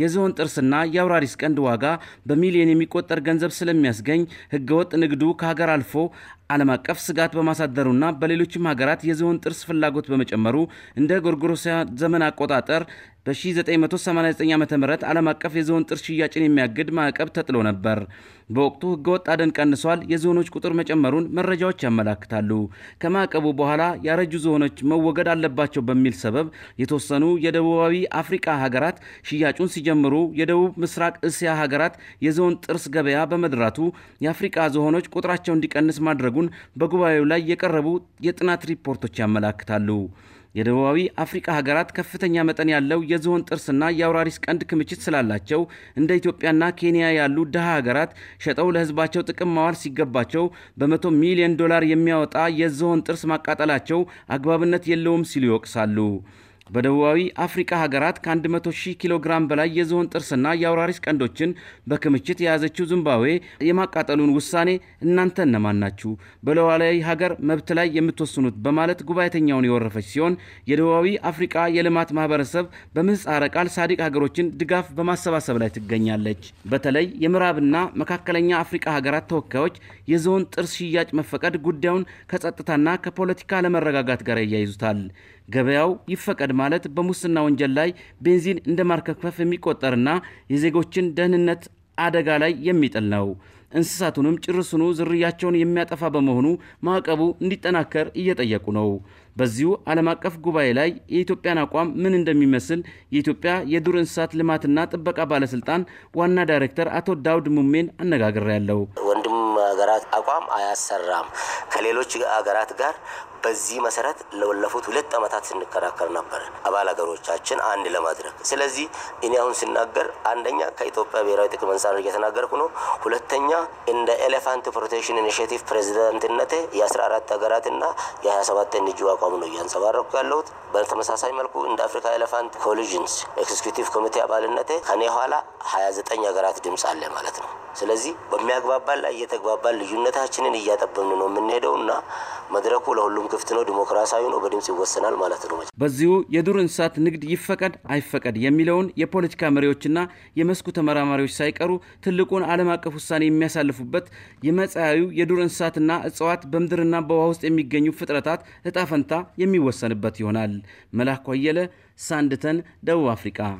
የዝሆን ጥርስና የአውራሪስ ቀንድ ዋጋ በሚሊዮን የሚቆጠር ገንዘብ ስለሚያስገኝ ህገወጥ ንግዱ ከሀገር አልፎ ዓለም አቀፍ ስጋት በማሳደሩና በሌሎችም ሀገራት የዝሆን ጥርስ ፍላጎት በመጨመሩ እንደ ጎርጎሮሲያ ዘመን አቆጣጠር በ1989 ዓ ም ዓለም አቀፍ የዝሆን ጥርስ ሽያጭን የሚያግድ ማዕቀብ ተጥሎ ነበር። በወቅቱ ህገወጥ አደን ቀንሷል፣ የዝሆኖች ቁጥር መጨመሩን መረጃዎች ያመላክታሉ። ከማዕቀቡ በኋላ ያረጁ ዝሆኖች መወገድ አለባቸው በሚል ሰበብ የተወሰኑ የደቡባዊ አፍሪቃ ሀገራት ሽያጩን ሲጀምሩ የደቡብ ምስራቅ እስያ ሀገራት የዝሆን ጥርስ ገበያ በመድራቱ የአፍሪቃ ዝሆኖች ቁጥራቸው እንዲቀንስ ማድረጉን መደረጉን በጉባኤው ላይ የቀረቡ የጥናት ሪፖርቶች ያመላክታሉ። የደቡባዊ አፍሪካ ሀገራት ከፍተኛ መጠን ያለው የዝሆን ጥርስና የአውራሪስ ቀንድ ክምችት ስላላቸው እንደ ኢትዮጵያና ኬንያ ያሉ ድሃ ሀገራት ሸጠው ለሕዝባቸው ጥቅም ማዋል ሲገባቸው በመቶ ሚሊዮን ዶላር የሚያወጣ የዝሆን ጥርስ ማቃጠላቸው አግባብነት የለውም ሲሉ ይወቅሳሉ። በደቡባዊ አፍሪካ ሀገራት ከ100,000 ኪሎ ግራም በላይ የዝሆን ጥርስና የአውራሪስ ቀንዶችን በክምችት የያዘችው ዚምባብዌ የማቃጠሉን ውሳኔ እናንተ እነማን ናችሁ በሉዓላዊ ሀገር መብት ላይ የምትወስኑት በማለት ጉባኤተኛውን የወረፈች ሲሆን የደቡባዊ አፍሪካ የልማት ማህበረሰብ በምህጻረ ቃል ሳዲቅ ሀገሮችን ድጋፍ በማሰባሰብ ላይ ትገኛለች። በተለይ የምዕራብና መካከለኛ አፍሪካ ሀገራት ተወካዮች የዝሆን ጥርስ ሽያጭ መፈቀድ ጉዳዩን ከጸጥታና ከፖለቲካ ለመረጋጋት ጋር ያያይዙታል። ገበያው ይፈቀድ በማለት በሙስና ወንጀል ላይ ቤንዚን እንደ ማርከፍከፍ የሚቆጠርና የዜጎችን ደህንነት አደጋ ላይ የሚጥል ነው። እንስሳቱንም ጭርስኑ ዝርያቸውን የሚያጠፋ በመሆኑ ማዕቀቡ እንዲጠናከር እየጠየቁ ነው። በዚሁ ዓለም አቀፍ ጉባኤ ላይ የኢትዮጵያን አቋም ምን እንደሚመስል የኢትዮጵያ የዱር እንስሳት ልማትና ጥበቃ ባለስልጣን ዋና ዳይሬክተር አቶ ዳውድ ሙሜን አነጋግሬያለሁ። ወንድም ሀገራት አቋም አያሰራም ከሌሎች ሀገራት ጋር በዚህ መሰረት ለወለፉት ሁለት ዓመታት ስንከራከር ነበር አባል ሀገሮቻችን አንድ ለማድረግ። ስለዚህ እኔ አሁን ስናገር አንደኛ ከኢትዮጵያ ብሔራዊ ጥቅም አንጻር እየተናገርኩ ነው። ሁለተኛ እንደ ኤሌፋንት ፕሮቴክሽን ኢኒሽቲቭ ፕሬዚዳንትነቴ የ14 ሀገራትና የ ሰባት ኤንጂ አቋም ነው እያንጸባረኩ ያለሁት። በተመሳሳይ መልኩ እንደ አፍሪካ ኤሌፋንት ኮሊዥንስ ኤክስኪቲቭ ኮሚቴ አባልነት ከኔ ኋላ ዘጠኝ ሀገራት ድምፅ አለ ማለት ነው። ስለዚህ በሚያግባባን ላይ እየተግባባን ልዩነታችንን እያጠበብን ነው የምንሄደው እና መድረኩ ለሁሉም ክፍት ነው፣ ዲሞክራሲያዊ ነው፣ በድምፅ ይወሰናል ማለት ነው። በዚሁ የዱር እንስሳት ንግድ ይፈቀድ አይፈቀድ የሚለውን የፖለቲካ መሪዎችና የመስኩ ተመራማሪዎች ሳይቀሩ ትልቁን ዓለም አቀፍ ውሳኔ የሚያሳልፉበት የመጻያዩ የዱር እንስሳትና እጽዋት በምድርና በውሃ ውስጥ የሚገኙ ፍጥረታት እጣፈንታ የሚወሰንበት ይሆናል። መላኩ አየለ ሳንድተን፣ ደቡብ አፍሪካ